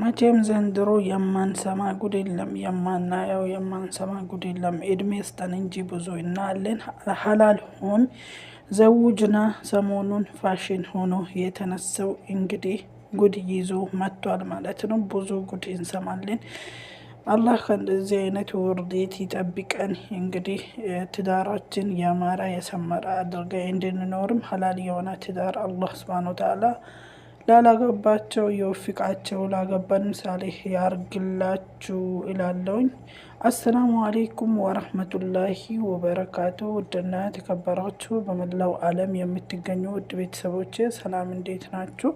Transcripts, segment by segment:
መቼም ዘንድሮ የማንሰማ ጉድ የለም፣ የማናየው የማንሰማ ጉድ የለም። እድሜ ስጠን እንጂ ብዙ እናያለን። ሀላል ሆም ዘውጅና ሰሞኑን ፋሽን ሆኖ የተነሳው እንግዲህ ጉድ ይዞ መጥቷል ማለት ነው። ብዙ ጉድ እንሰማለን። አላህ ከእንደዚህ አይነት ውርዴት ይጠብቀን። እንግዲህ ትዳራችን ያማረ የሰመረ አድርጋ እንድንኖርም ሀላል የሆነ ትዳር አላህ ስብሃነ ወተዓላ ላላገባቸው የወፍቃቸው ላገባን ምሳሌ ያርግላችሁ እላለሁኝ አሰላሙ አሌይኩም ወረህመቱላሂ ወበረካቱ። ውድና የተከበራችሁ በመላው ዓለም የምትገኙ ውድ ቤተሰቦች ሰላም፣ እንዴት ናችሁ?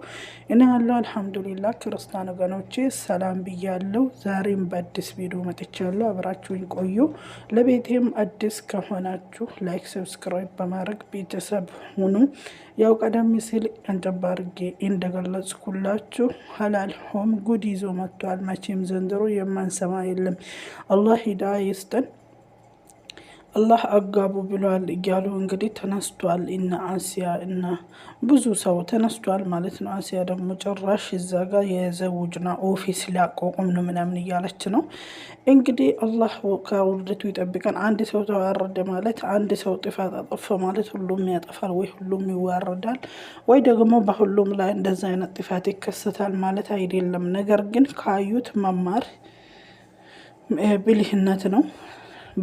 እኔ ያለው አልሐምዱሊላ። ክርስቲያን ወገኖቼ ሰላም ብያለው። ዛሬም በአዲስ ቪዲዮ መጥቻለሁ። አብራችሁኝ ቆዩ። ለቤቴም አዲስ ከሆናችሁ ላይክ፣ ሰብስክራይብ በማድረግ ቤተሰብ ሁኑ። ያው ቀደም ሲል አንጨባርጌ እንደገለጽኩላችሁ ሀላል ሆም ጉድ ይዞ መጥቷል። መቼም ዘንድሮ የማንሰማ የለም አላ አላህ ሂዳ ይስጠን። አላህ አጋቡ ብሏል እያሉ እንግዲህ ተነስቷል። እነ አሲያ እና ብዙ ሰው ተነስቷል ማለት ነው። አሲያ ደግሞ ጭራሽ እዛ ጋር የዘውጅና ኦፊስ ሊያቋቁም ነው ምናምን እያለች ነው። እንግዲህ አላህ ከውርደቱ ይጠብቀን። አንድ ሰው ተዋረደ ማለት አንድ ሰው ጥፋት አጠፈ ማለት ሁሉም ያጠፋል ወይ ሁሉም ይዋረዳል ወይ ደግሞ በሁሉም ላይ እንደዛ አይነት ጥፋት ይከሰታል ማለት አይደለም። ነገር ግን ካዩት መማር ብልህነት ነው።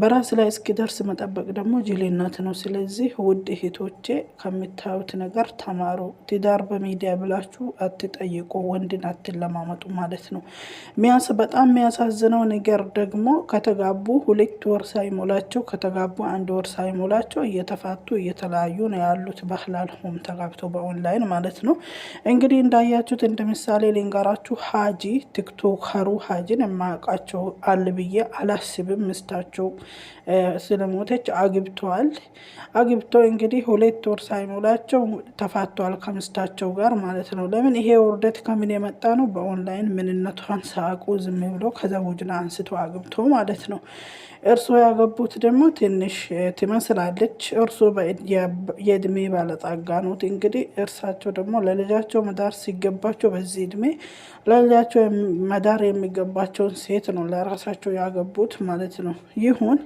በራስ ላይ እስኪደርስ መጠበቅ ደግሞ ጅልነት ነው። ስለዚህ ውድ እህቶቼ ከምታዩት ነገር ተማሩ። ትዳር በሚዲያ ብላችሁ አትጠይቁ፣ ወንድን አትለማመጡ ማለት ነው። ሚያስ በጣም የሚያሳዝነው ነገር ደግሞ ከተጋቡ ሁለት ወር ሳይሞላቸው ከተጋቡ አንድ ወር ሳይሞላቸው እየተፋቱ እየተለያዩ ነው ያሉት። ባህላል ሆም ተጋብቶ በኦንላይን ማለት ነው። እንግዲህ እንዳያችሁት እንደ ምሳሌ ልንገራችሁ። ሀጂ ቲክቶከሩ ሀጂን የማያውቃቸው አለ ብዬ አላስብም። ምስታቸው ስለሞተች አግብተዋል። አግብተው እንግዲህ ሁለት ወር ሳይሞላቸው ተፋተዋል ከምስታቸው ጋር ማለት ነው። ለምን ይሄ ውርደት ከምን የመጣ ነው? በኦንላይን ምንነቷን ሳቁ ዝም ብሎ ከዘውጅና አንስቶ አግብቶ ማለት ነው። እርሶ ያገቡት ደግሞ ትንሽ ትመስላለች። እርሶ የእድሜ ባለጸጋ ኖት። እንግዲህ እርሳቸው ደግሞ ለልጃቸው መዳር ሲገባቸው በዚህ እድሜ ለልጃቸው መዳር የሚገባቸውን ሴት ነው ለራሳቸው ያገቡት ማለት ነው። ይሁን አሁን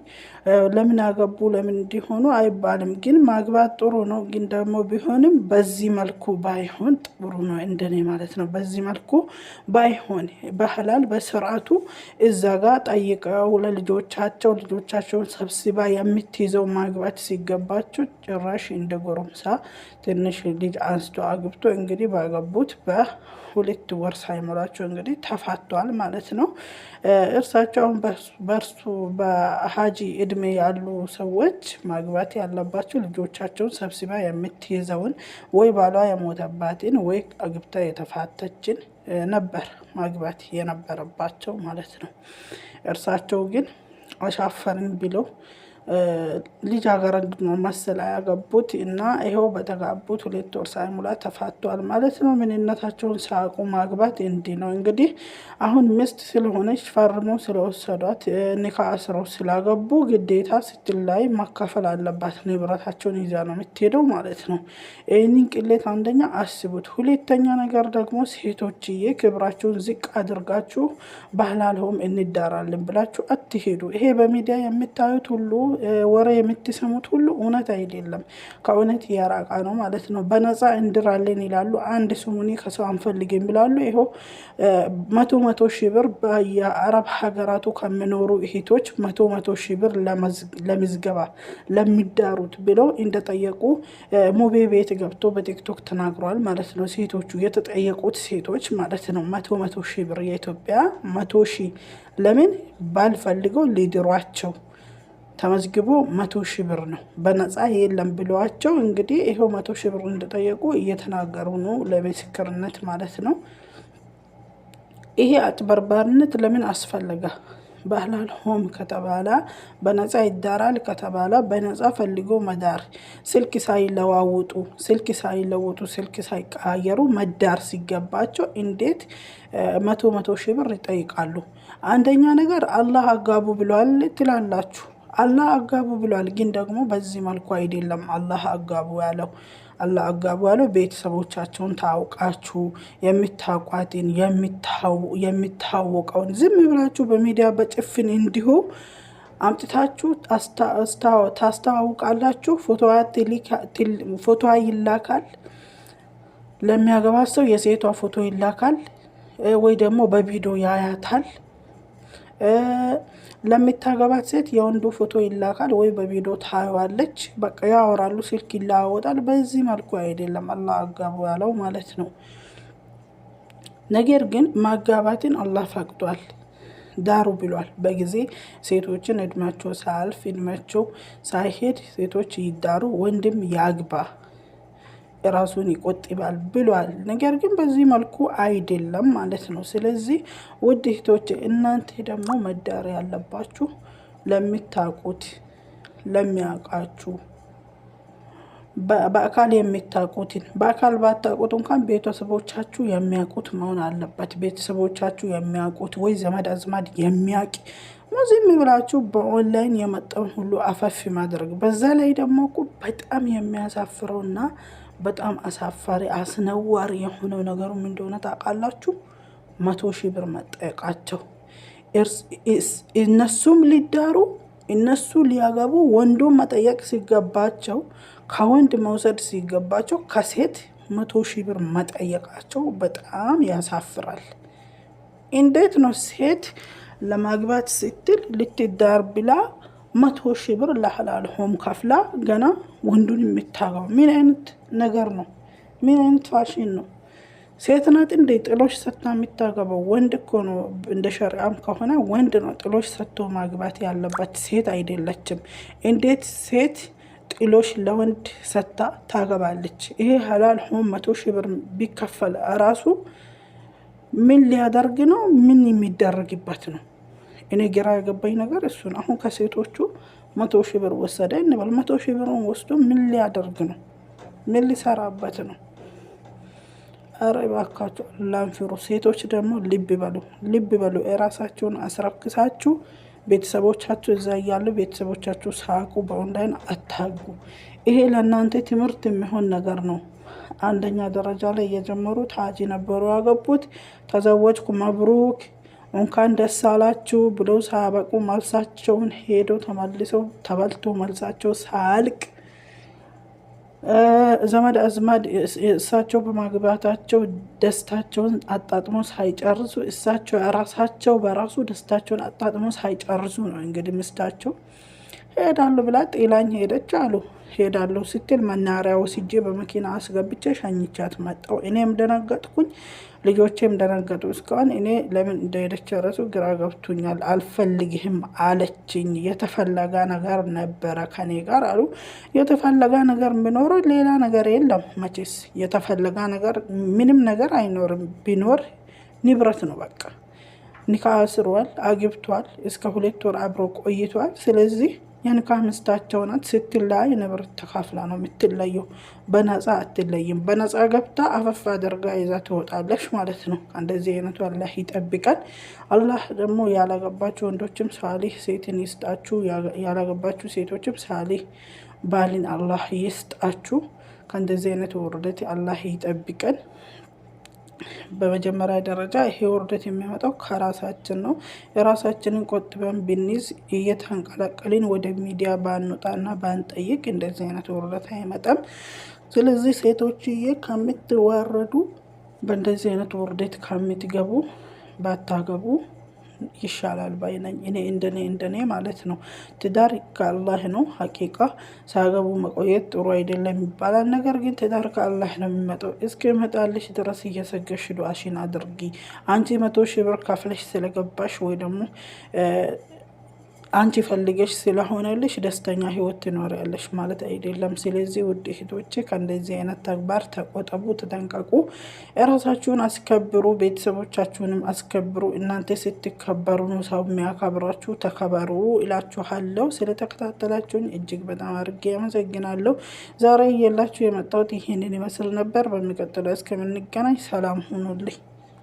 ለምን አገቡ ለምን እንዲሆኑ አይባልም። ግን ማግባት ጥሩ ነው። ግን ደግሞ ቢሆንም በዚህ መልኩ ባይሆን ጥሩ ነው፣ እንደኔ ማለት ነው። በዚህ መልኩ ባይሆን በህላል በስርዓቱ እዛ ጋ ጠይቀው ለልጆቻቸው ልጆቻቸውን ሰብስባ የምትይዘው ማግባት ሲገባቸው ጭራሽ እንደ ጎረምሳ ትንሽ ልጅ አንስቶ አግብቶ እንግዲህ ባገቡት በሁለት ወር ሳይሞላቸው እንግዲህ ተፋቷል ማለት ነው። እርሳቸውን በእርሱ በሀጂ እድሜ ያሉ ሰዎች ማግባት ያለባቸው ልጆቻቸውን ሰብስባ የምትይዘውን ወይ ባሏ የሞተባትን ወይ አግብታ የተፋተችን ነበር ማግባት የነበረባቸው ማለት ነው። እርሳቸው ግን አሻፈርን ብለው ልጃገረድ ነው መሰል ያገቡት እና ይኸው በተጋቡት ሁለት ወር ሳይሙላ ተፋቷል ማለት ነው። ምንነታቸውን ሳቁ ማግባት እንዲህ ነው እንግዲህ። አሁን ሚስት ስለሆነች ፈርሞ ስለወሰዷት ኒካ አስረው ስላገቡ ግዴታ ስትላይ መካፈል አለባት። ንብረታቸውን ይዛ ነው የምትሄደው ማለት ነው። ይህንን ቅሌት አንደኛ አስቡት። ሁለተኛ ነገር ደግሞ ሴቶችዬ ክብራችሁን ዝቅ አድርጋችሁ ባህላልሆም እንዳራለን ብላችሁ አትሄዱ። ይሄ በሚዲያ የምታዩት ሁሉ ወሬ የምትሰሙት ሁሉ እውነት አይደለም፣ ከእውነት እያራቃ ነው ማለት ነው። በነፃ እንድራለን ይላሉ። አንድ ስሙኒ ከሰው አንፈልግም ይላሉ። ይኸው መቶ መቶ ሺህ ብር የአረብ ሀገራቱ ከሚኖሩ እህቶች መቶ መቶ ሺህ ብር ለምዝገባ ለሚዳሩት ብለው እንደጠየቁ ሙቤ ቤት ገብቶ በቲክቶክ ተናግሯል ማለት ነው። ሴቶቹ የተጠየቁት ሴቶች ማለት ነው መቶ መቶ ሺህ ብር የኢትዮጵያ መቶ ሺህ ለምን ባልፈልገው ሊድሯቸው ተመዝግቦ መቶ ሺህ ብር ነው በነፃ የለም ብለዋቸው እንግዲህ ይኸው መቶ ሺ ብር እንደጠየቁ እየተናገሩ ነው ለምስክርነት ማለት ነው። ይሄ አጭበርባሪነት ለምን አስፈለገ? ባህላል ሆም ከተባላ በነፃ ይዳራል ከተባላ በነፃ ፈልጎ መዳር፣ ስልክ ሳይለዋውጡ ስልክ ሳይለወጡ ስልክ ሳይቀያየሩ መዳር ሲገባቸው እንዴት መቶ መቶ ሺ ብር ይጠይቃሉ? አንደኛ ነገር አላህ አጋቡ ብሏል ትላላችሁ። አላህ አጋቡ ብሏል። ግን ደግሞ በዚህ መልኩ አይደለም አላህ አጋቡ ያለው። አላህ አጋቡ ያለው ቤተሰቦቻቸውን ታውቃችሁ የሚታቋትን የሚታወቀውን ዝም ብላችሁ በሚዲያ በጭፍን እንዲሁ አምጥታችሁ ታስተዋውቃላችሁ። ፎቶ ይላካል ለሚያገባ ሰው የሴቷ ፎቶ ይላካል፣ ወይ ደግሞ በቪዲዮ ያያታል። ለምታገባት ሴት የወንዱ ፎቶ ይላካል ወይ በቪዲዮ ታየዋለች። በቃ ያወራሉ፣ ስልክ ይለዋወጣል። በዚህ መልኩ አይደለም አላህ አጋቡ ያለው ማለት ነው። ነገር ግን ማጋባትን አላህ ፈቅዷል፣ ዳሩ ብሏል። በጊዜ ሴቶችን እድሜያቸው ሳያልፍ እድሜያቸው ሳይሄድ ሴቶች ይዳሩ፣ ወንድም ያግባ። ራሱን ይቆጥባል ብሏል። ነገር ግን በዚህ መልኩ አይደለም ማለት ነው። ስለዚህ ውድ እህቶች እናንተ ደግሞ መዳር ያለባችሁ ለሚታቁት ለሚያውቃችሁ በአካል የሚታቁትን በአካል ባታቁት እንኳን ቤተሰቦቻችሁ የሚያውቁት መሆን አለበት። ቤተሰቦቻችሁ የሚያውቁት ወይ ዘመድ አዝማድ የሚያውቅ ዝም ብላችሁ በኦንላይን የመጣውን ሁሉ አፈፍ ማድረግ በዛ ላይ ደግሞ በጣም የሚያሳፍረውና በጣም አሳፋሪ አስነዋሪ የሆነው ነገሩ ምን እንደሆነ ታውቃላችሁ? መቶ ሺህ ብር መጠየቃቸው እነሱም ሊዳሩ እነሱ ሊያገቡ ወንዱ መጠየቅ ሲገባቸው ከወንድ መውሰድ ሲገባቸው ከሴት መቶ ሺህ ብር መጠየቃቸው በጣም ያሳፍራል። እንዴት ነው ሴት ለማግባት ስትል ልትዳር ብላ መቶ ሺ ብር ለሐላልሆም ከፍላ ገና ወንዱን የሚታገው ምን አይነት ነገር ነው? ምን አይነት ፋሽን ነው? ሴት ናት እንደ ጥሎሽ ሰጥታ የሚታገበው ወንድ እኮ ነው። እንደ ሸሪአም ከሆነ ወንድ ነው ጥሎሽ ሰጥቶ ማግባት ያለበት፣ ሴት አይደለችም። እንዴት ሴት ጥሎሽ ለወንድ ሰጥታ ታገባለች? ይሄ ሐላል ሆም መቶ ሺ ብር ቢከፈል ራሱ ምን ሊያደርግ ነው? ምን የሚደረግበት ነው? እኔ ግራ የገባኝ ነገር እሱን አሁን ከሴቶቹ መቶ ሺህ ብር ወሰደ እንበል። መቶ ሺህ ብሩን ወስዶ ምን ሊያደርግ ነው? ምን ሊሰራበት ነው? ኧረ እባካችሁ ላንፍሩ። ሴቶች ደግሞ ልብ በሉ፣ ልብ በሉ። የራሳችሁን አስረክሳችሁ ቤተሰቦቻችሁ እዛ እያሉ ቤተሰቦቻችሁ ሳቁ፣ በኦንላይን አታጉ። ይሄ ለእናንተ ትምህርት የሚሆን ነገር ነው። አንደኛ ደረጃ ላይ የጀመሩት ሀጂ ነበሩ ያገቡት። ተዘወጅኩ መብሩክ እንኳን ደስ አላችሁ ብሎ ሳያበቁ መልሳቸውን ሄዶ ተመልሰው ተበልቶ መልሳቸው ሳያልቅ ዘመድ አዝማድ እሳቸው በማግባታቸው ደስታቸውን አጣጥሞ ሳይጨርሱ እሳቸው ራሳቸው በራሱ ደስታቸውን አጣጥሞ ሳይጨርሱ ነው እንግዲህ ምስታቸው ሄዳሉ ብላ ጤላኝ ሄደች አሉ። ሄዳለሁ ስትል መናሪያ ወስጄ በመኪና አስገብቼ ሸኝቻት መጣው። እኔም ደነገጥኩኝ፣ ልጆቼም ደነገጡ። እስካሁን እኔ ለምን እንደሄደች ረሱ ግራ ገብቶኛል። አልፈልግህም አለችኝ። የተፈለገ ነገር ነበረ ከኔ ጋር አሉ። የተፈለገ ነገር ቢኖረው ሌላ ነገር የለም መቼስ። የተፈለገ ነገር ምንም ነገር አይኖርም። ቢኖር ንብረት ነው በቃ ኒካ አስሯል፣ አግብቷል። እስከ ሁለት ወር አብሮ ቆይቷል። ስለዚህ ያን ካሚስታቸው ናት ስትለያይ ንብረት ተካፍላ ነው የምትለየው። በነፃ አትለይም። በነፃ ገብታ አፈፍ አድርጋ ይዛ ትወጣለች ማለት ነው። እንደዚህ አይነቱ አላህ ይጠብቀን። አላህ ደግሞ ያላገባችሁ ወንዶችም ሳሊህ ሴትን ይስጣችሁ። ያላገባችሁ ሴቶችም ሳሊህ ባልን አላህ ይስጣችሁ። ከእንደዚህ አይነት ውርደት አላህ ይጠብቀን። በመጀመሪያ ደረጃ ይሄ ውርደት የሚያመጣው ከራሳችን ነው። የራሳችንን ቆጥበን ብንይዝ እየተንቀለቀልን ወደ ሚዲያ ባንወጣና ባንጠይቅ እንደዚህ አይነት ውርደት አይመጣም። ስለዚህ ሴቶችዬ ከምትዋረዱ፣ በእንደዚህ አይነት ውርደት ከምትገቡ ባታገቡ ይሻላል ባይ ነኝ። እኔ እንደኔ እንደኔ ማለት ነው። ትዳር ከአላህ ነው። ሀቂቃ ሳገቡ መቆየት ጥሩ አይደለም ይባላል። ነገር ግን ትዳር ከአላህ ነው የሚመጣው። እስኪመጣልሽ ድረስ እየሰገሽ ዱአሽን አድርጊ። አንቺ መቶ ሺህ ብር ከፍለሽ ስለገባሽ ወይ ደግሞ አንቺ ፈልገሽ ስለሆነልሽ ደስተኛ ህይወት ትኖሪያለሽ ማለት አይደለም። ስለዚህ ውድ እህቶች ከእንደዚህ አይነት ተግባር ተቆጠቡ፣ ተጠንቀቁ፣ እራሳችሁን አስከብሩ፣ ቤተሰቦቻችሁንም አስከብሩ። እናንተ ስትከበሩ ነው ሰው የሚያከብራችሁ። ተከበሩ እላችኋለሁ። ስለተከታተላችሁን እጅግ በጣም አድርጌ አመሰግናለሁ። ዛሬ እየላችሁ የመጣሁት ይህንን ይመስል ነበር። በሚቀጥለው እስከምንገናኝ ሰላም ሁኑልኝ።